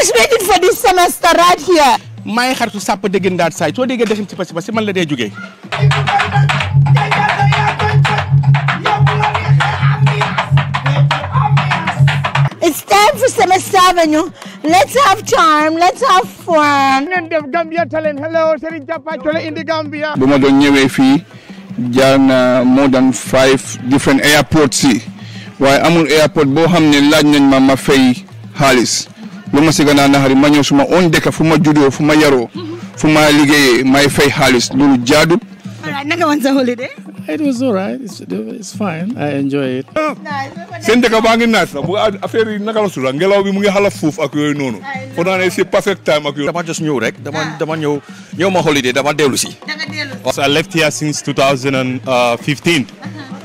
just waiting for this semester right here. maa ngi xaritu sàpp dégg ndaat saay soo déggee dexim si pasi pasi man la dee jógee. It's time for Semester Avenue. Let's have time. Let's have fun. ngeen def Gambia Talent hello Serigne Japa Chole indi Gambia. bu ma doon ñëwee fii jaar na more than five different airports yi waaye amul airport boo xam ne laaj nañ ma ma fay xaalis. lu ma si gën a naxari ma ñëw suma oon dëkk fu ma juddoo fu ma yaroo fu ma liggéeyee may fay xaalis loolu jaadut. voilà naka woon sa holiday. it was all I seen dëkk baa ngi naaj bu affaire yi naka la ngelaw bi mu ngi xalaat fuuf ak yooyu noonu. foog naa ne perfect time ak yooyu. dama jos ñëw rek dama dama ñëw ñëw ma holiday dama dellu si. dama dellu si. so I left here since uh-huh.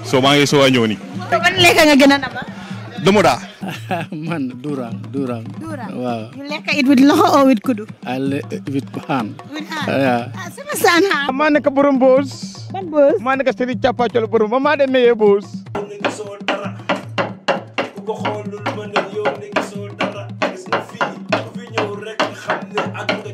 so maa ngi a ñëw nii. domoda. man durang durang waaw you lekk it with loxo or with kudu I eh, with hand with hand ah, sama saan hand ah, maa nekk borom boos ban boos maa nekk sëriñ cappaacol borom ba maa demee boos ko xoolul ma ne yow ne gisoo dara gis nga fii ku fi ñëw rek xam ne ak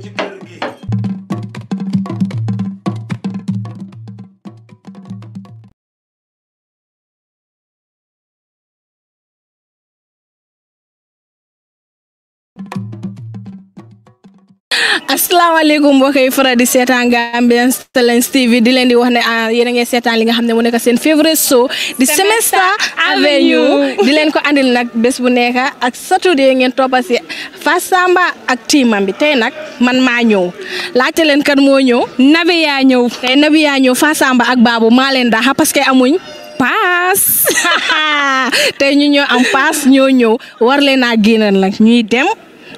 assalamu mbokk bokay faral di setan Gambian Talents TV di len di wax ne yene a setan li nga xamne mo nek sen favorite show di Semester Avenue di len ko andil nak bes bu neka ak saturday ngeen topasi si Samba ak timam bi tay nak man ñew la laajte len kan mo ñew Nabi ya ñew tay Nabi ya ñew Fass Samba ak ma len da ha parce que amuñ pass tay ñu ñew am pass ñoo ñew war leena nak ñuy dem.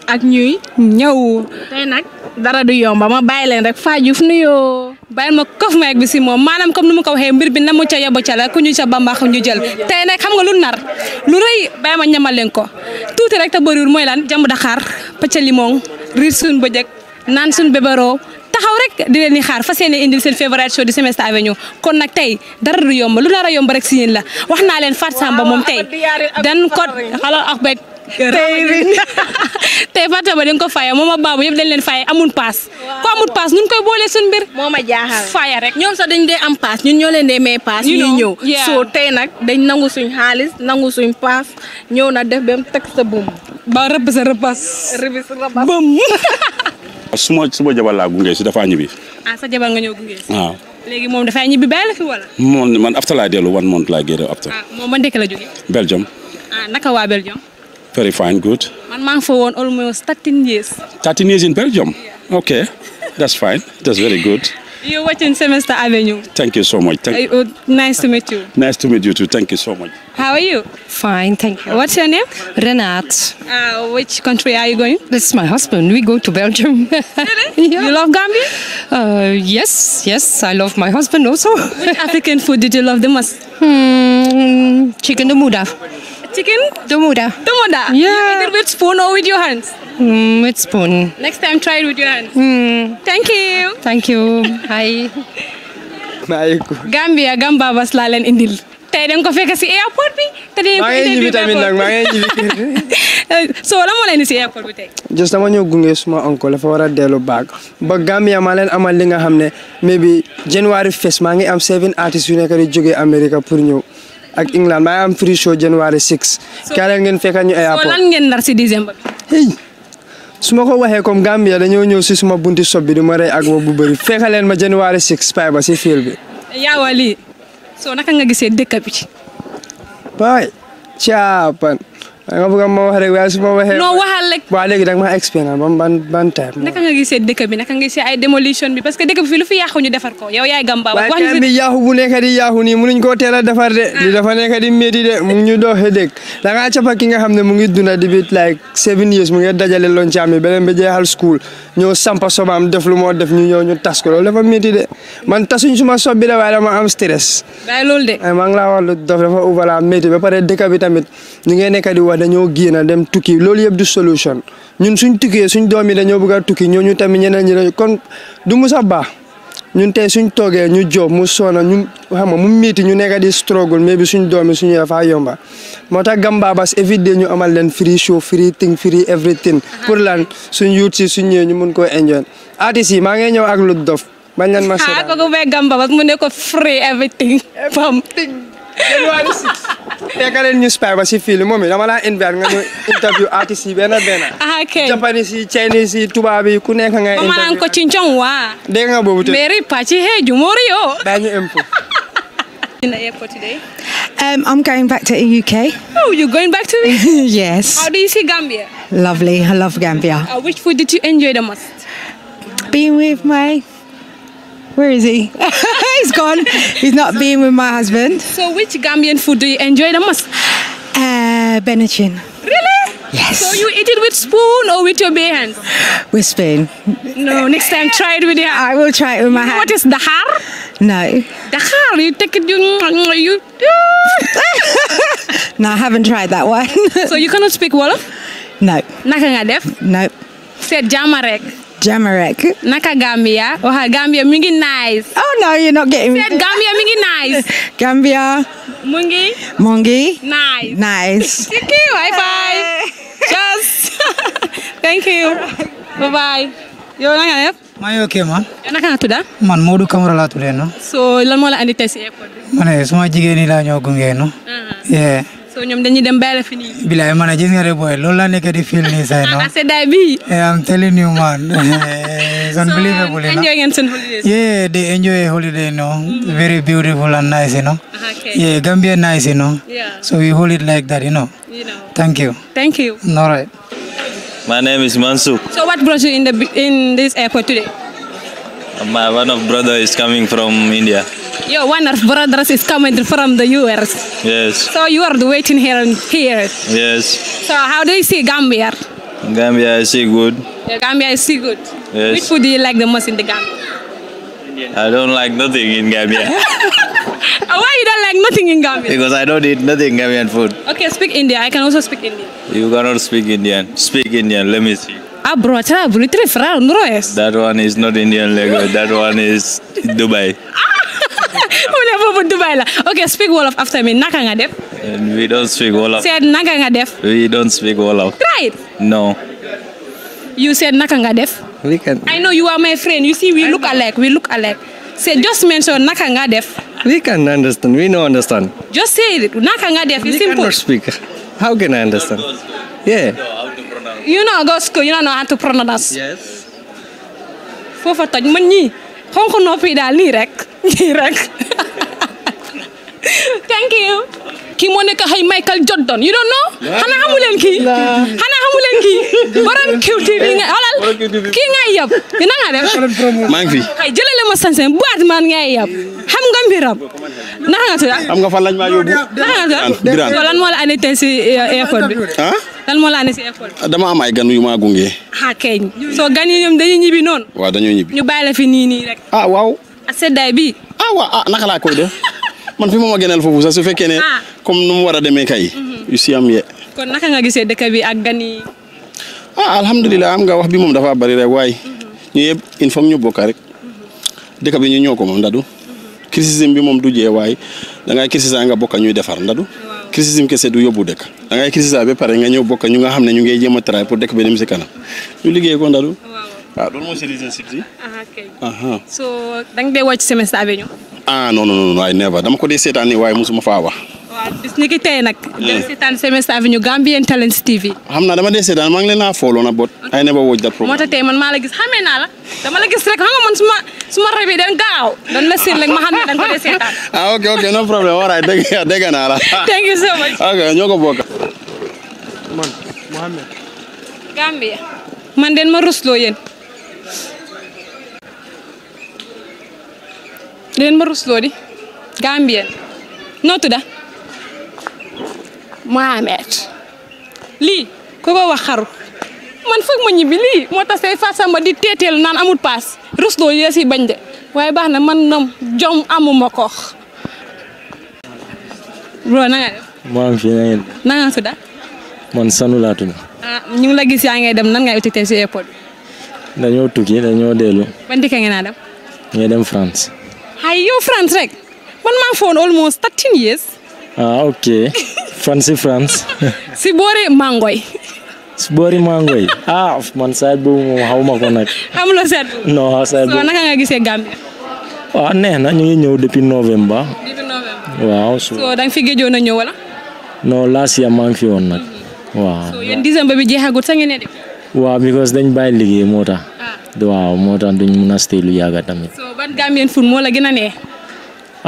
ak ñuy ñëw tey nag dara du yomba ma bàyyi leen rek fa Fadiouf nuyoo bàyyi ma kof ma bi si moom maanaam comme nu ma ko waxee mbir bi na mu ca yóbbu ca la ku ñu ca bambax ñu jël tey nag xam nga lu nar lu rëy bàyyi ma ñamal leen ko tuuti rek te bëriwul mooy lan jambu daxaar pëcca limon riir suñ bëjëk naan suñ bébaroo taxaw rek di leen di xaar fas yéene indil seen favorite show di Semester Avenue kon nag tey dara du yomb lu nar a yomb rek si yéen la wax naa leen Fatou Samba moom tey dan ko xalal ak beeg tey Fatou Saba dañ ko faya moom ak baabu yëpp dañ leen faya amul paas ko amul paas nun koy boolee suñ mbir moo ma jaaxal faya rek ñoom sax dañ dee am paas ñun ñoo leen dee may paas ñuy ñëw soo tey nag dañ nangu suñ xaalis nangu suñ paas ñëw na def bem teg sa bum ba rëbb sa rëbbas rëbb sa rëbbas bum suma suma jabar laa gunge si dafa ñibbi ah sa jabar nga ñëw gunge léegi moom dafa ñibbi bàyyi la fi wala moom man afta laa dellu one month laa génn afta ah, moom man dëkk la jóge Belgium ah naka waa Belgium Very fine, good. Man, man for one almost 13 years. 13 years in Belgium? Yeah. Okay, that's fine. That's very good. You're watching Semester Avenue. Thank you so much. Thank uh, nice to meet you. Nice to meet you too. Thank you so much. How are you? Fine, thank you. What's your name? Renat. Uh, which country are you going? This is my husband. We go to Belgium. really? yeah. You love Gambia? Uh, yes, yes. I love my husband also. which African food did you love the most? Hmm, chicken domuda. chicken? Domoda. Domoda. Yeah. You eat it with spoon or with your hands? Mm, with spoon. Next time try it with your hands. Mm. Thank you. Thank you. Hi. Gambia gamba bas lalen indil. Tadi dañ ko fekk si airport bi te dañ ko indi tamit nag maa ngi ñibbi so la moo leen si airport bi just dama ñëw gunge suma oncle dafa war a bag. baag ba Gambia maa amal li nga maybe January first maa ngi am seven artistes yu nekk di jógee America pour ak England maa am free show January 6. kaale ngeen fekka ñu airport. so ngeen nar si décembre su ma ko waxee comme Gambia dañoo ñëw si suma bunti sob bi di ma rey ak bu bëri fekka leen ma January 6 pay a si fiil bi. yaa wali soo naka nga gisee dëkk bi. pay caapan. nga bëgg ma wax rek waaye su ma waxee non waxal rek waa léegi nag ma explain ba ban ban type naka nga gisee dëkk bi naka nga gisee ay démolition bi parce que dëkk bi fii lu fi yàqu ñu defar ko yow yaay gamba wax ñu bi yàqu bu nekk di yàqu nii mënuñ koo teel a defar de li dafa nekk di métti de mu ngi ñu doxee dëkk da ngaa capa ki nga xam mu ngi dunda di bit like seven years mu ngi dajale loon ci ami beneen bi school ñëw sampa sobaam def lu moo def ñu ñëw ñu tas ko loolu dafa métti de man tasuñ suma sob bi de waaye dama am stress bàyyi loolu de maa ngi laa wax lu dafa uvala métti ba pare dëkk bi tamit ñu ngi nekk di boba dañu génn dem tukki lolou yeb du solution ñun suñ tukki suñ doomi dañu dañoo bëgg a tukki ñooñu ñeneen ñi kon du mu sax baax ñun tay suñ toogee ñu jox mu sona ñun xam nga mu miti ñu nekk di struggle mais bi suñ doomi suñu fa yomba moo tax bas éviter ñu amal len free show free thing free everything pour lan suñ yuut ci suñ ñëwee ñu mun koo enjoy artist yi ma ngay ñew ak lu dof bañ leen ma sa ko bas mu ne ko free everything pam January 6. Tegal leen ñu spy ba si fii moom it dama laa invite nga ñu interview artiste yi benn ah ok japanese chinese yi tubaab yi ku nekk nga. interview mama an ko ci njong wa. dégg nga boobu tey. meri pàcc hee jumóori oh. yo. daañu impo. in the airport today? Um, I'm going back to the UK. Oh, you're going back to me? yes. How do you see Gambia? Lovely. I love Gambia. Uh, which food did you enjoy the most? Being with my where is he? He's gone. He's not being with my husband. So, which Gambian food do you enjoy the most? Uh, Benachin. Really? Yes. So you eat it with spoon or with your bare hands? With spoon. No, next time try it with your hand. I will try it with my you hand. What is dahar? No. Dahar, you take it, you... you no, I haven't tried that one. so you cannot speak Wolof? No. Naka nga No. Said Jamarek. Jamarek. Naka Gambia. Oh, Gambia mingi nice. Oh no, you're not getting me. Gambia mingi nice. Gambia. Mungi. Mungi. Nice. Nice. Thank you. bye bye. Just. Thank you. Bye bye. Yo nanga yep. Mayo okay man. Yana kana tuda? Man kamu rela la tudé no. So lan mo la andi test airport. Mané suma jigéen la no. Uh-huh. Yeah. so ñoom dañuy dem bàyyi la fi nii. bilaay man gis nga de boy loolu laa nekk di fil nii say ah, noonu. seddaay bi. Eh, I'm telling you man. Eh, it's unbelievable. so enjoy ngeen holidays. yeah they enjoy holiday you know. very beautiful and nice you know. okay. yeah Gambia nice you know. yeah. so we hold it like that you know. you know. thank you. thank you. all right. My name is Mansuk. So what brought you in the in this airport today? My one of brother is coming from India. Your one of brothers is coming from the US. Yes. So you are waiting here. here. Yes. So how do you see Gambia? Gambia I see good. Yeah, Gambia I see good. Yes. Which food do you like the most in the Gambia? I don't like nothing in Gambia. Uh, why you don't like nothing in Gambia? Because I don't eat nothing Gambian food. Okay, speak Indian. I can also speak Indian. You cannot speak Indian. Speak Indian. Let me see. That one is not Indian language. That one is Dubai. Ah! mu ne boobu Dubai la ok speak Wolof after me naka nga def. we don't speak Wolof. said naka nga def. we don't speak Wolof. try it. no. you said naka nga def. we can. I know you are my friend you see we look alike we look alike. say just mention naka nga def. we can understand we no understand. just say it naka nga def it's simple. we cannot speak how can I understand. yeah. you know go school you know how to pronounce. yes. Fofa toj man ñii xonk noppi dal ni rek. Iraq. thank you. kii moo nekk xëy Michael Jordan you don't know. xanaa xamu leen kii. xanaa xamu leen kii. borom QTV nga eh, yab dina nga def. fi. xëy jëlale ma sansen buwaat man ngay yab xam nga mbiram. naka nga tudd. xam fan la andi tey si eh, airport bi. ah lan gan yu maa gunge. ah keñ gan yi ñoom ñibbi noonu. waaw dañoo ñibbi. ñu bàyyi la fi nii nii rek. ah waaw. ak seddaay bi. ah waaw ah naka laa koy def man fi moom a gënal foofu sax su fekkee ne. Ah. comme nu mu war a demee kay. yu si am ye. kon naka nga gisee dëkk yi. ah alhamdulilah am nga wax bi moom dafa bari rek waaye. ñu yëpp il faut ñu bokk rek. dëkk bi ñu ñoo ko moom ndadu. criticisme bi moom du jee waaye da ngay critiquer nga bokk ñuy defar ndadu. criticisme kese du yóbbu dëkk. da ngay critiquer ba pare nga ñëw bokk ñu nga xam ne ñu ngi jéem a travail pour dëkk bi dem si kanam ñu liggéey ko ndadu. waaw ah, loolu mooy ah, uh-huh. so da nga dee wàcc Semester Avenue. ah non non non waaye never dama ko dee seetaan nii waaye mosuma faa wax. waaw bis ni ki tey nag. dee seetaan Semester Avenue Gambian Talents TV. xam naa dama dee seetaan maa a fooloo na man maa la gis xamee naa la dama la gis rek xam man suma suma rab gaaw dañ la seet rek ma xam ne ko dee seetaan. Ah, ok no problème all right dégg naa la. thank you so ok ñoo ko bokk. man Mohamed. Gambia. man den ma rusloo yéen. leen ma rusloo di gambien noo tudda mohamed li ko ko wax xaru man fakk ma ñibi li mo tax fa sama di teeteel nan amul pass si bañ de waaye baxna man nom jom amuma ko bro na nga def fi na na nga man sanu la tudd ah ñu ngi la gis ya ngay dem nan ngay utitee ci airport dañu tukki dañu dellu ban dikka ngeen a dem ngay dem france ay yow France rek man maa foon almost thirteen years. ah ok France si France. si boori Mangoy. si boori Mangoy ah man saa boobu moom xaw ma ko nag. amuloo seet. non saa boobu naka nga gisee Gambie. Ah, neex na ñu ngi ñëw depuis novembre. depuis waaw so da nga fi géejoon a ñëw wala. non last year maa ngi fi woon nag. waaw so yéen décembre bi jeexagut sa ngeen liggéey moo tax. Ah. waaw moo tax duñ mun a lu yàgg tamit. ban Gambian food moo la gën a neex.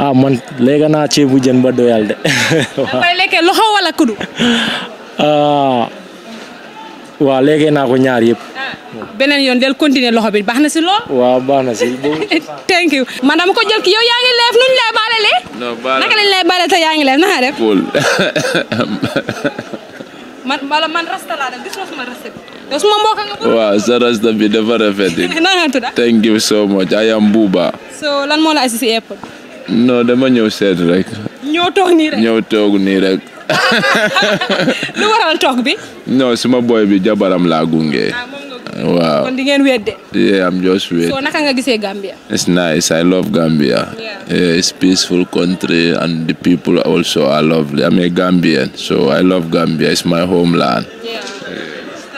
ah man léegi naa ceebu jën ba doyal de. waaw dafay loxo wala kudu. Ah, waaw léegi naa ko ñaar yëpp. Ah, beneen yoon del continuer loxo bi baax na si lool. waaw baax na si. thank you madame ko jël ki yaa ngi leef nu ñu lay naka lañ lay baale yaa ngi leef naka def. waaw sa rasta bi dafa rafet. thank you so much I am Buuba. lan moo la si airport. non dama ñëw seet rek. ñëw toog nii rek ñëw toog nii rek. lu waral toog bi. non suma boy bi jabaram laa gunge. Ah, waaw kon di ngeen wedde. just wed. so naka Gambia. it's nice I love Gambia. it's peaceful country and the people also are lovely I'm Gambian so I love Gambia it's my homeland. yeah.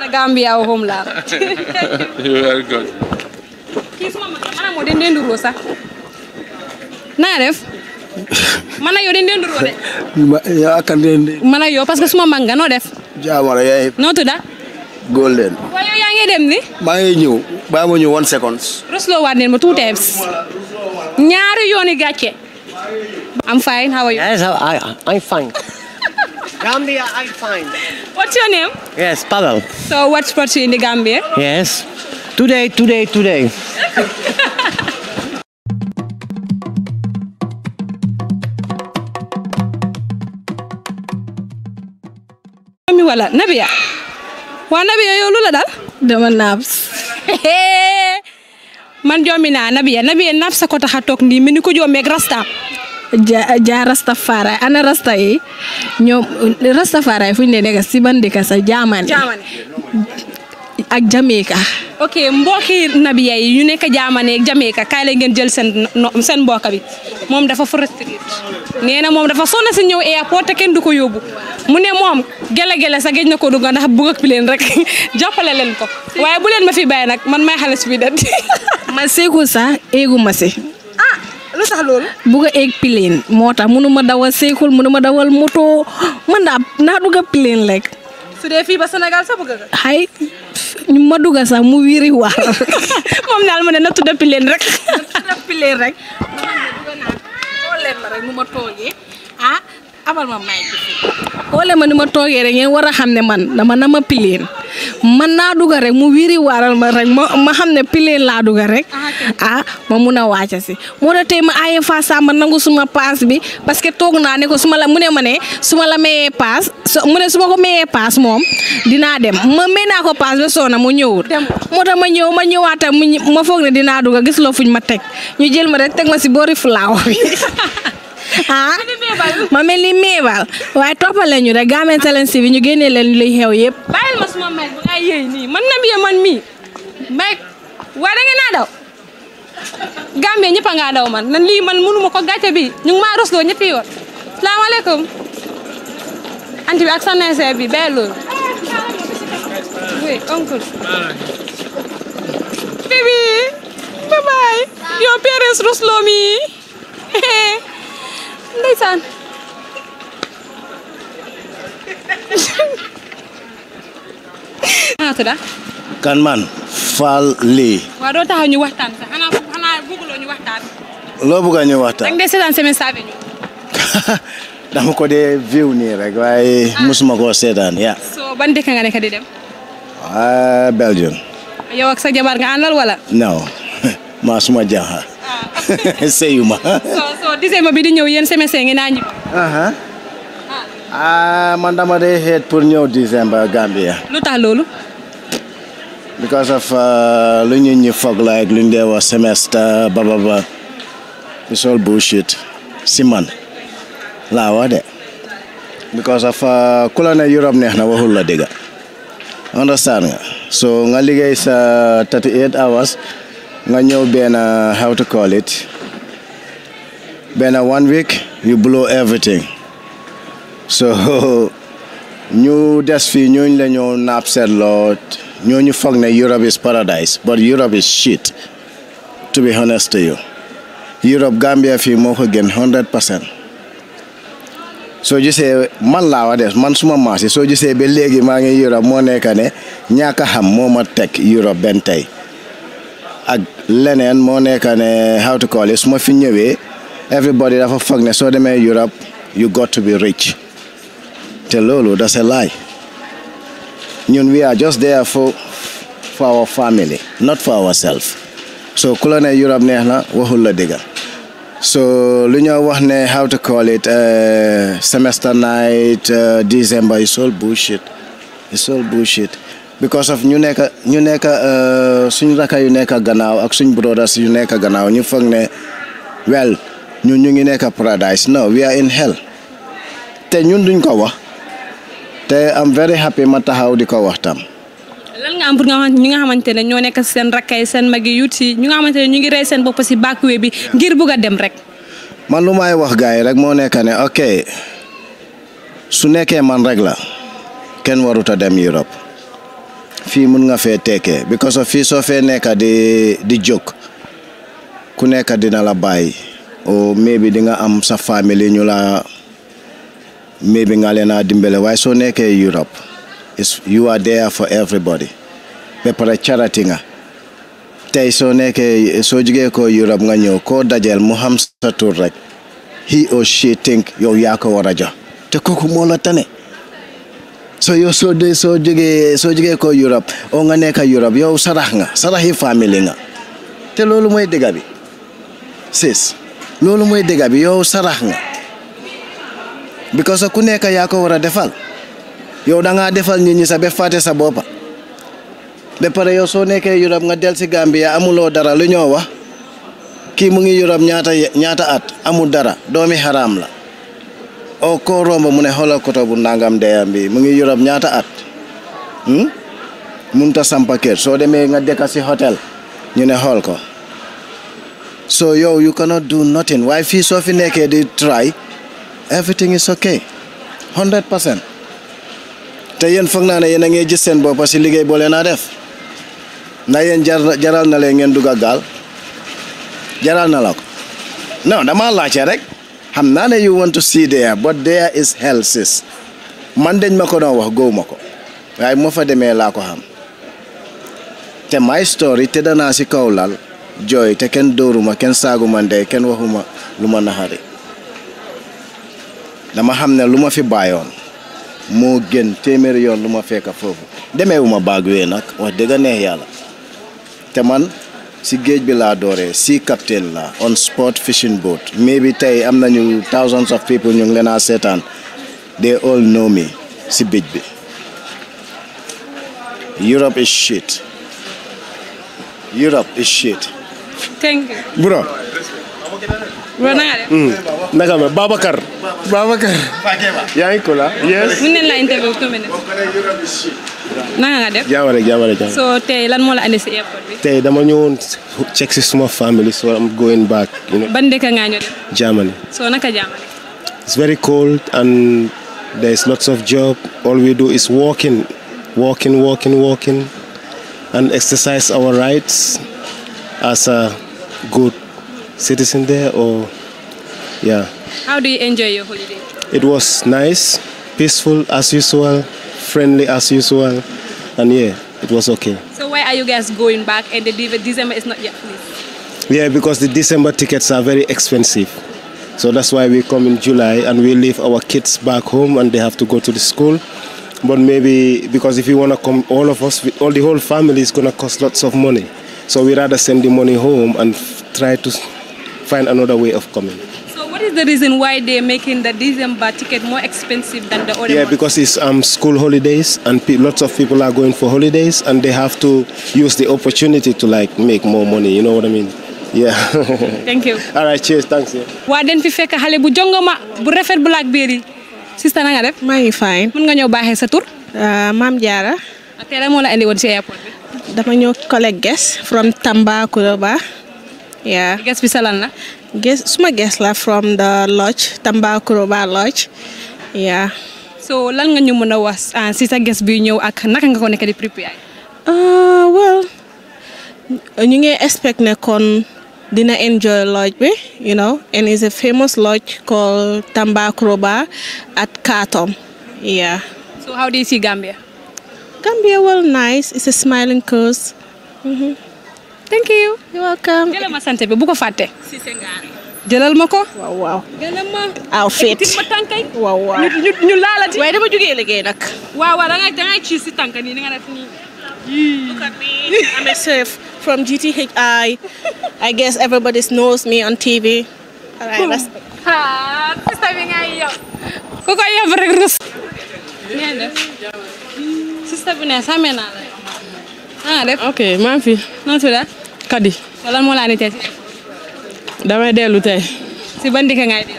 Gambia au homeland. you are good. kii mama, mag la man ak moo den mana nduroo sax naa def man ak den dee de. Ya akan kan den dee. man parce que suma manga no def. Ja wala yaay. No tuda. golden. waaw yow yaa ngi dem ni. maa ngi ñew. Ba mo ñew one seconds. Ruslo wa neen ma two times. Ñaaru yoni gatché. I'm fine how are you. Yes, I, I'm fine. Gambia, I find. What's your name? Yes, Pavel. So what what's you in the Gambia? Yes. Today, today, today. Ami wala, nabiya, Wa nabiya yo lula dal? Dama naps. Man jomina nabiya, nabiya naps sa kota hatok ni minuku jomia grasta. ja ja Rastafari ana rasta yi ñoom Rastafari fu ñu nekk si ban dëkk sa ak Jamaica ok mbokki nabiya yi ñu nekk jaamane ak Jamaica kaay la jël seen seen mbokk bi moom dafa frustré nee na moom dafa sonna si ñëw airport te kenn du ko yóbbu mu ne moom gele-gele sa géej na ko dugga ndax bugg pileen rek jàppale leen ko waaye bu leen ma fi bàyyi nag man may xale si bi dat ma seeku sax eegu ma lu a eeg pileen moo tax mënu ma dawal seekul mënu ma dawal moto man daa naa dugg a pileen rek. fii ba senegal sa bëgg nga. xay ñu ma dugg sax mu wiri waar moom daal mu ne na tudd pileen rek. na tudd pileen rek. mu abal ma may ma ni ma toogee rek ngeen war a xam ne man dama na ma pileen man naa duga rek mu wiiri waaral ma rek ma ma xam ne pileen laa duga rek ah, ah ma mun a wàcca si moo tax tey ma aaye fa sàmba nangu suma paas bi parce que toog naa ne ko su ma la mu ne su ma la mayee paas mu ne ma ko mayee paas moom dinaa dem ma may naa ko paas ba soona mu ñëwul moo tax ma ñëw ma ñëwaata mu ma foog ne dinaa duga gis loo fuñ ma teg ñu jël ma rek teg ma si boori fulaawa ah ma mel ni meebal waaye toppal ñu rek Gambian Talents TV ñu génnee leen luy xew yëpp. bàyyil ma suma may nii man na man mii may waa da ngeen naa daw Gambie ñëpp a daw man na lii man mënuma ko gàcce bi ñu ngi maa rosloo ñetti yoon salaamaaleykum anti bi ak sa neesee bi bee loolu oui oncle baby bye bye yow parents Ndeysaan Ah, tada. kan man Fall Wa do taxaw ñu waxtaan sax xanaa ana Google ñu waxtaan bu ga ñu waxtaan dang dee seetaan semaine saabe ñu dama ko dee view ni rek waye ah. musuma ko seetaan ya so ban dëkk nga kan nekk di dem ah Belgium yow ak sa jabar nga andal wala non Ma suma jaha. sëyuma. soo soo décembre bi di ñëw yéen semestre ngeen naa ñibbi. Ah. ah man dama dee xeet pour ñëw décembre Gambia. lu tax loolu. because of uh, lu ñu ñu foog la lu ñu dee wax semestre ba ba ba it's all si man laa wax de because of uh, ku la ne Europe neex na waxul la dëgg understand nga so nga liggéey sa hours. nga ñëw benn uh, how to call it benn one week you blow everything so ñu des fii ñooñu la ñoo naab seetloo ñooñu foog ne Europe is paradise but Europe is shit to be honest to Europe Gambia fii moo ko gën hundred percent soo gisee man laa wa des man suma maas yi soo gisee ba léegi maa ngi Europe moo nekk ne ñaaka xam moo ma teg Europe benn tey ak leneen moo nekka ne how to call it su ma fi ñëwee everybody dafa foog ne soo demee Europe you got to be rich te loolu that's a lie ñun we are just there for our family not for ourselves so ku la ne Europe neex na waxul la dëgga so lu ñoo wax ne how to call it eh, semester night eh, December is all bullshit is all bullshit because of ñu nekk ñu nekk euh, suñ raka yu nekk gannaaw ak suñ brothers yu nekk gannaaw ñu foog ne well ñu ñu ngi nekk paradise no we are in hell te ñun duñ ko wax te am very happy ma taxaw di ko waxtaan tam lan nga am nga ñu nga xamante ne ñoo nekk seen rakkay seen magi yuut si ñu xamante ne ñu ngi rey seen bopp si bàkkuwe bi ngir bugg a dem rek man lu may wax gars yi rek moo nekk ne ok su nekkee man rek la kenn warut dem Europe fii mun nga fee tekkee because of fii soo fee nekka di di jóg ku nekka dina la bàyyi o bi di nga am sa famille ñu la mais bi nga leen a dimbale waaye soo nekkee Europe is you are there for everybody ba pare charity nga tey soo nekkee soo jugee ko Europe nga ñëw koo dajeel mu xam sa tur rek he or she think yow yaa ko war a jox te kooku moo tane so yo so de so jógee so ko Europe o nga nek Europe yo sarah nga hi family nga te lolou moy dega bi sis lolou moy dega bi yo sarah nga because ku nek ya ko wara defal yo da nga defal nit ñi sa be faté sa be pare yo so nek Europe nga del si Gambia amuloo dara lu ñoo wax ki mu ngi Europe ñaata ñaata at amul dara domi haram la o ko romba mune holal ko tabu nangam deyam bi mu ngi ñaata at hmm? munta sam paquet so demee nga dëkka hotel ñu ne hol ko so yo you cannot do nothing why fi so fi nekkee di try everything is okay 100% percent te yeen fakk na ne yeen nga ngi gis seen bopp def na yéen jaral na leen ngeen dugg jaral na la ko non dama rek xam naa ne you want to see there is hell sis man dañ ma ko doon wax góow ma ko waaye ma fa demee laa ko xam te my story te danaa si kaw lal jooy te kenn dóoruma kenn saagu ma ndey kenn waxuma lu ma naxari dama xam ne lu ma fi bàyyoon moo gën téeméeri yoon lu ma fekka foofu demeewuma baag wee nag wax dëgg neex yàlla te man si géej bi laa si captain la on sport fishing boat maybe i am new thousands of people ñu ngi leen they all know me si bij bi Europe is shit Europe is shit. thank you. bro. Mm. naka ma Babacar. Babacar. Ah? la. yes. interview two minutes naka so tey lan moo la andi airport bi. tey check si small family so I'm going back. You know. Germany. so Germany. it's very cold and there is lots of job all we do is walking walking walking walking and exercise our rights as a good citizen there or yeah. How do you enjoy your holiday? It was nice, peaceful as usual friendly as usual, and yeah, it was okay. So why are you guys going back and the December is not yet please. Yeah, because the December tickets are very expensive. So that's why we come in July and we leave our kids back home and they have to go to the school. But maybe because if you want to come, all of us, all the whole family is going to cost lots of money. So we rather send the money home and try to find another way of coming the reason why they're making the December ticket more expensive than the other Yeah, months. because it's um, school holidays and lots of people are going for holidays and they have to use the opportunity to like make more money, you know what I mean? yeah thank you all right cheers thanks waa den fi fekk xale bu jongoma bu rafet Blackberry sista na nga def maa fine mën nga ñëw baaxee sa tur uh, maam Diarra tey la moo la indi woon ci airport bi dama ñëw collect guest from Tambacounda Yeah. guest bi sa la guest, suma guest la from the lodge, Tambakuroba Lodge. Yeah. So lan nga ñu mën a wax ah, si sa guest bi ñëw ak naka nga ko nekk di prepare. Ah, ñu ngi expect ne kon dina enjoy lodge bi you know and is a famous lodge called Tambakuroba at Kartom. yeah. So how do you see Gambia? Gambia well nice it's a smiling coast. Mm-hmm. thank you you're welcome jëlal ma sant bi bu ko fàtte jëlal ma ko waaw waaw jëlal ma aw fit ma tànkay waaw waaw ñu ñu laalati waaye dama jógee liggéey nag waaw waaw da ngay da ngay ci si tànk nii da nga def nii Look at me. I'm a chef from GTHI. I guess everybody knows me on TV. All right, let's. Ah, sister bi ngay yow. Ku ko yow rek rus. Ngeen def. Sister bi ne sàmmee naa la. Ah, def. Okay, maa fi. Noo tudd kadi lan mo la ni tey damay delu tay ci bandika ngay del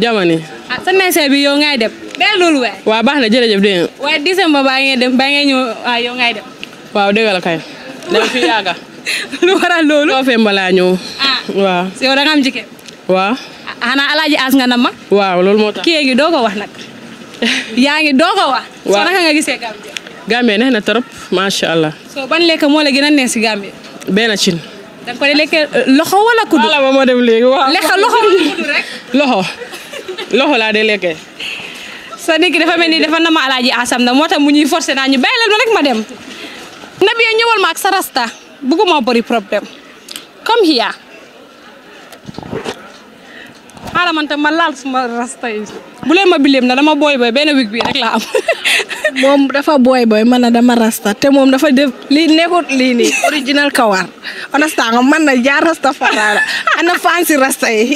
jamani sa nese bi yo ngay dem delul we wa baxna jërëjëf de wa december ba ngay dem ba ngay wa yo ngay dem wa degal kay dem fi yaga lu waral lolu so femba la ah ci yow nga am jike wa ana alaji as nga nama wa lolu motax gi dogo wax nak yaangi dogo wax so naka nga gisee gambe gambe neena torop ma sha allah so ban lek mo la gëna neex ci benn cin. Euh, loxo wala kudu. wala ba loxo loxo laa de lekkee. sa nit ki dafa mel ni dafa nama alaaji asam na moo tax mu ñuy forcé naa ñu bàyyi leen ma rek ma dem. nabi ya ñëwal ma ak sa rasta bëgguma bëri problème comme hiya xaaral man tam ma laal suma rasta yi. bu leen ma bileem na dama boy boy ben week bi rek la am. mom dafa boy boy man na dama rasta te mom dafa def li nekkut li ni original kawar understand nga man na jaar rasta fara ana fancy rasta yi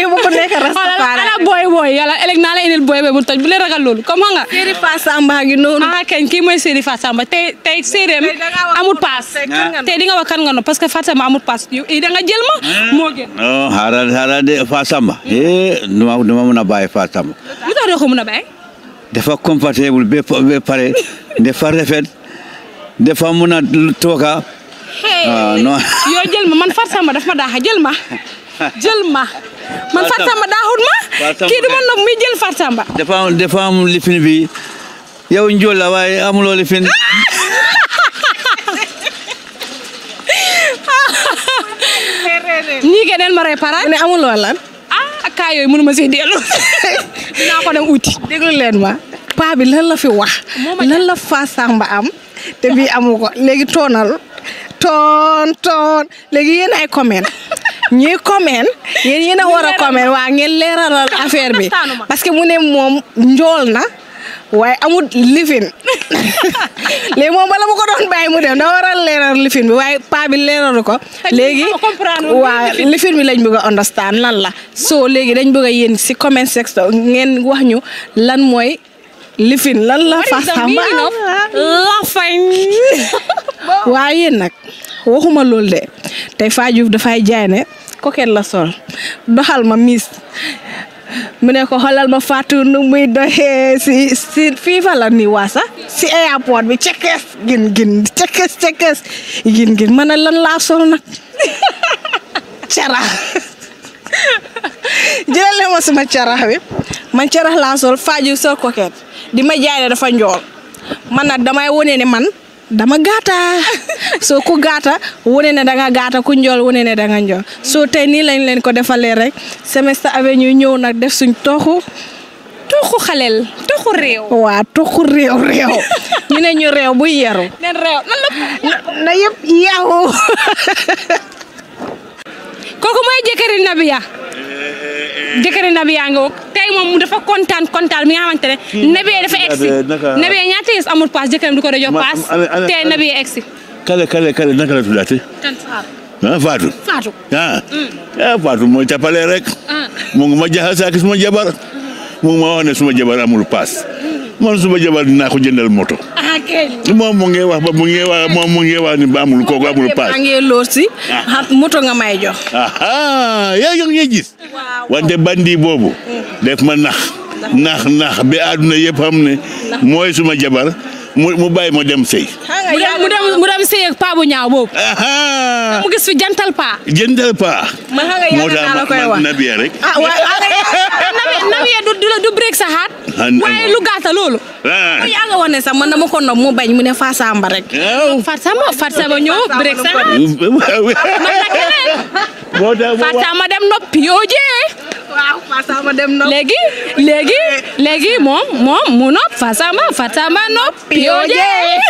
e bu ko nek rasta fara ana boy boy, yalla elek na la boy boy boy bu toj bu leen ragal loolu comme nga séeri fa samba gi non ah ken kii mooy séeri fa samba te te serem amul paas te di nga wa kan nga no kan parce que Fatama amut paas yi eh, da nga jël ma gen ah. gën haral oh, haral de fa samba eh lu tax doo ko mën a bàyyi. dafa compatible ba pare dafa rafet dafa mën a tooka. ah jël ma man Fatou Samba daf ma daaxa jël ma jël ma man Fatou Samba daaxut ma. kii du ma nopp muy jël Fatou Samba. dafa am lifin bi yow njool la waaye amuloo lifin. ñii geneen ma réparé. kaa yooyu mënu ma see dellu dinaa ko dem uti déglu leen ma paa bi lan la fi wax lan la faa sàmba am te bii amu ko léegi toonal toon toon léegi yéen ay comment ñuy comment yéen yéen a war a comment waa ngeen leeralal affaire bi parce que mu ne moom njool na waaye amul lifin léegi moom bala mu ko doon bàyyi mu dem da war a leeral lifin bi waaye paa bi leeralu ko léegi waaw lifin bi lañ bëgg a understand lan la soo léegi dañ bëgg a yéen si comment section ngeen wax ñu lan mooy lifin lan la fa xam lafañ waaye yéen nag waxuma loolu de tey Faye Diouf dafay jaay ne koket la sol doxal ma miss mu ne ko xoolal ma Fatou nu muy doxee si si fii fa la ni waa sax si airport bi cekkees gin gin cekkees cekkees gin gin lan laa sol nag carax jëlale ma suma carax bi man carax laa sol faaju sol koket di ma jaay ne dafa njool man nag damay wone ne man dama gaata so ku gaata wune ne danga gaata ku njool wune ne da nga njool so nii lañ leen ko defalee rek awee Avenue ñëw nag def suñ tooxu tuxu xaleel tuxu réew. waa tuxu réew réew. ñu ne ñu réew buy yaru. nen réew nan la. na yëpp yow. mooy jëkkëri Nabiya. jëkkëri nabi yaa ngi woog tey moom dafa kontaan kontaan bi nga xamante ne hmm. nabi dafa egsi nabi ñaata yées amul paas jëkkëram di ko dojo paas tey nabi egsi kale kale kale naka la tuddaate kan ah Fatou Fatou ah, hmm. ah Fatou mooy tapale rek ah. ma jabar moom moo wax ne suma jabar amul paas man suma jabar dinaa ko jëndal moto. Ah, moom mu ngi wax ba mu ngi wax moom mu ngi ni ba amul kooku amul paas. maa ngi lóor si. Ah. moto nga may jox. yaa ngi ñuy gis. wante bandi boobu. Mm. def ma nax. nax nax ba àdduna yëpp am ne. mooy suma jabar. mu mu bàyyi ma dem sëy. mu dem mu dem sëy ak paa bu ñaaw boobu. mu gis fi jantal paa. jantal paa. ma xam nga ah, yàlla naa koy wax moo tax rek. ah waaye nabiya du du break sa xaat. waaye lu gàtta loolu. ko eh. oh, yaa nga wax ne sax man dama ko nopp mu bañ mu ne Fassamba rek. Fassamba Fassamba ñëw break dem noppi yoo jee. waaw Fassamba dem noppi. léegi léegi léegi moom moom mu nopp Fassamba Fassamba noppi yoo jee.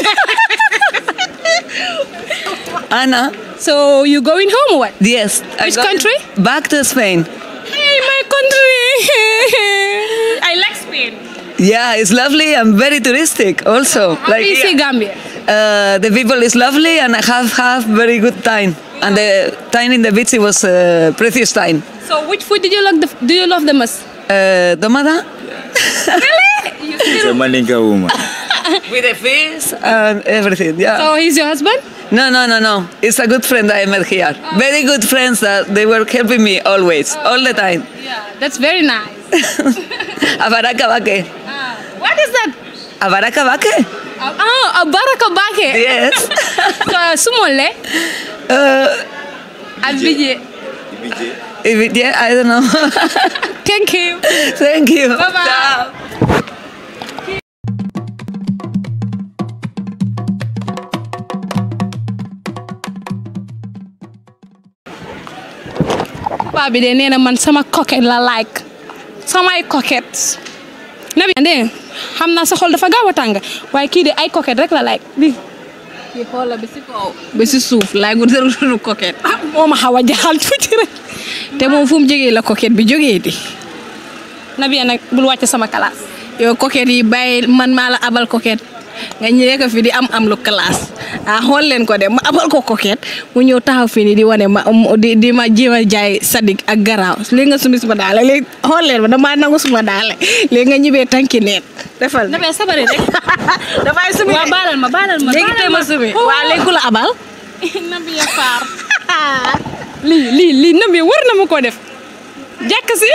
Anna. So you going home what? Yes. Which country? Back to Spain. Hey, my country. I like Spain. Yeah, it's lovely and very touristic also. How like, do you see Gambia? Uh, the people is lovely and I have have very good time. Yeah. And the time in the beach was a uh, precious time. So which food did you like the, do you love the most? Uh, domada. Yeah. really? You still... a woman. With the fish and everything, yeah. So he's your husband? No, no, no, no. It's a good friend I met here. Oh. Very good friends that they were helping me always, oh. all the time. Yeah, that's very nice. Abaraka what is that? Abarakabake. Oh, Abarakabake. Yes. so, Sumole? Uh, Abije. Abije. Ibije, I don't know. Thank you. Thank you. Bye-bye. papa bi de nee na man sama coquette la like samay coquette na bi xam naa sa xol dafa gaaw a tàng waaye kii de ay coquette rek la like lii. si suuf laay gu dërëru coquette. ah moo ma xaw a jaaxal rek. te moom fu mu jógee la coquette bi jógee di. Nabiya nag bul wàcc sama kalaas. yow coquette yi bàyyi man maa la abal coquette. nga ñëwee ko fi di am am lu classe ah xool leen ko de ma abal ko coquette mu ñëw taxaw fii nii di wane ma um, di di ma jéem a jaay sadik ak garaaw léegi nga sumi suma daale léegi xool leen ma damaa suma daale léegi nga ñibee tànki neen defal na sabari rek dafay sumi waaw baalal ma léegi tey ma sumi waaw léegi ku la abal a faar lii lii lii nabiya war na ma koo def jàkk si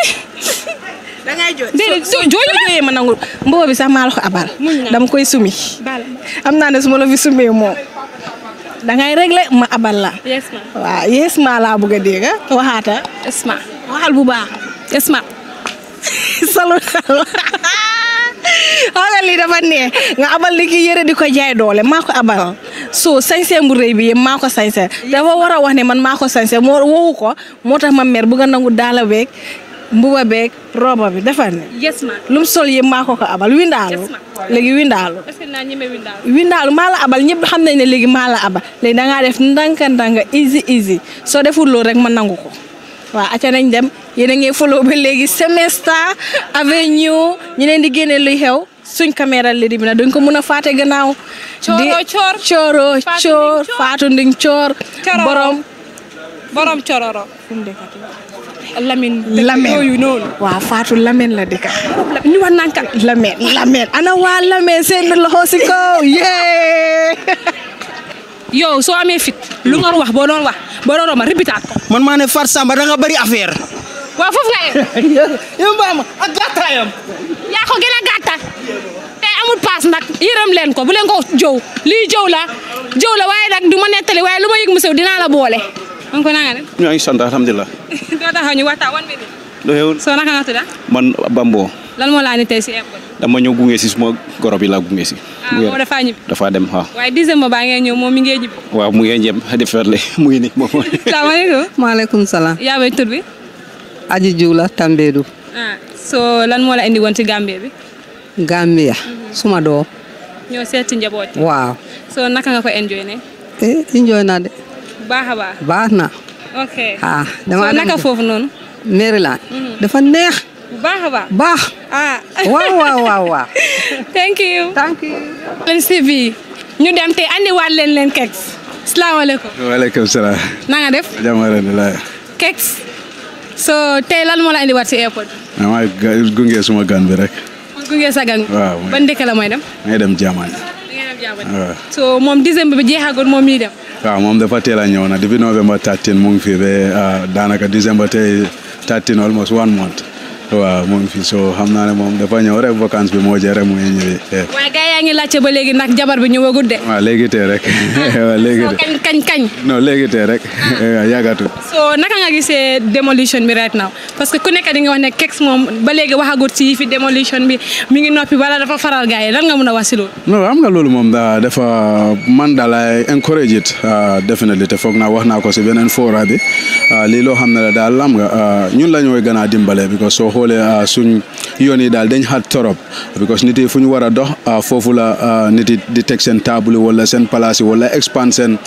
da ngay jooy ma nangu mbobo bi sax maa la ko abal. dama koy sumi. am naa ne su ma la fi sumee moom. da ngay ma abal la. waa ma waaw yes ma laa bëgg a dégg waxaata. yes ma waxal bu baax yes ma. salu xoolal lii dafa neex nga abal li kii yëre di ko jaay doole maa ko abal soo sañsee bu rëy bi yëpp maa ko sañsee dafa war a wax ne man maa ko sañsee moo wowu ko moo tax ma meer bu nga nangu daala beeg mbuba beeg roba bi defar ne. yes ma lu sol yëpp maa ko abal windaalu. léegi windaalu. est naa ñeme windaalu. windaalu maa abal ñëpp xam nañ ne léegi maa la abal léegi da def ndànka ndànka easy easy soo deful loolu rek ma nangu ko. waaw acca nañ dem yéen a ngi follow ba léegi Semester Avenue ñu leen di génne luy xew suñ caméra li bi na duñ ko mën a fàtte gannaaw. cooro coor cooro coor faatu nding coor. borom borom cororo. Lamine Lamine you know, waaw Fatou Lamine la dëkk ñu wax naan kan Lamine Lamine ana waa Lamine seen loxo si kaw yee yow soo fit lu nga wax boo doon wax boo doon ma répétaat ko man maa ne Fat Samba da nga bari affaire waaw foofu nga yem yow mbaam ak gàttaayam yaa ko gën a gàtta te amul paas nag yërëm leen ko bu leen ko jow lii jow la jow la waaye nag du ma nettali waaye lu ma yëg la boole man ko naa nga def. ñoo ngi sant doo taxaw ñu naka nga tudd man Bambo. lan moo laa ni tey si dama ñëw gunge si suma goro bi laa gunge si. ah moom dem waaw. waaye décembre baa ngeen ñëw moo mi ngi ñibbi. waaw mu ngi ñëw defarle mu ngi nii moom. yaa la Tambédou. ah soo lan moo la indi woon Gambia. Mhm. suma doom. ñoo seeti njaboot. waaw. soo naka nga ko enjoy ne. Eh, enjoy naa de. baax a baax baax na. ok ah damaa dem naka foofu noonu. Maryland. Mhm. dafa neex. baax a baax baax. ah waaw waaw waaw waaw. thank you thank you. leen si bi ñu dem te andi waat leen leen keks. salaamaaleykum. waaleykum salaam. na nga def. jàmm alhamdulilah. keks. so tey lan moo la andi waat si airport. Ah, maa gunge suma gan bi rek. gunge sa gan. waaw ban dëkk la may dem. may dem Jamañ. waaw so moom décembre bi jeexagoon moom ñuy dem. waaw moom dafa teel a ñëw na depuis novembre 13 mu ngi fi ba ah, daanaka décembre tey 13 almost one month. waaw mu ngi fi soo xam naa ne moom dafa ñëw rek vacance bi moo jëre mu ngi ñëwee. waaye gars yaa ngi laajte ba léegi nag jabar bi ñëwagul de. waaw léegi tee rek. Ah, waaw léegi de kañ kañ kañ. non léegi tee rek yaagatu. Ah. so naka nga gisee demolition bi right now parce que ku nekk di nga wax ne Keks moom ba léegi waxagut si fi démolition bi mi ngi noppi wala dafa faral gars yi lan nga mën a wax si non am nga loolu moom daa dafa man daal ay encourage it ah, definitely te foog naa wax naa ko si beneen fora bi lii loo xam ne daal nga ñun la ñooy gën a because soo xoolee ah, suñ yoon yi daal dañ xat torop because nit yi fu ñu war a dox ah, foofu la ah, nit yi di teg seen table wala seen palaas yi wala expand seen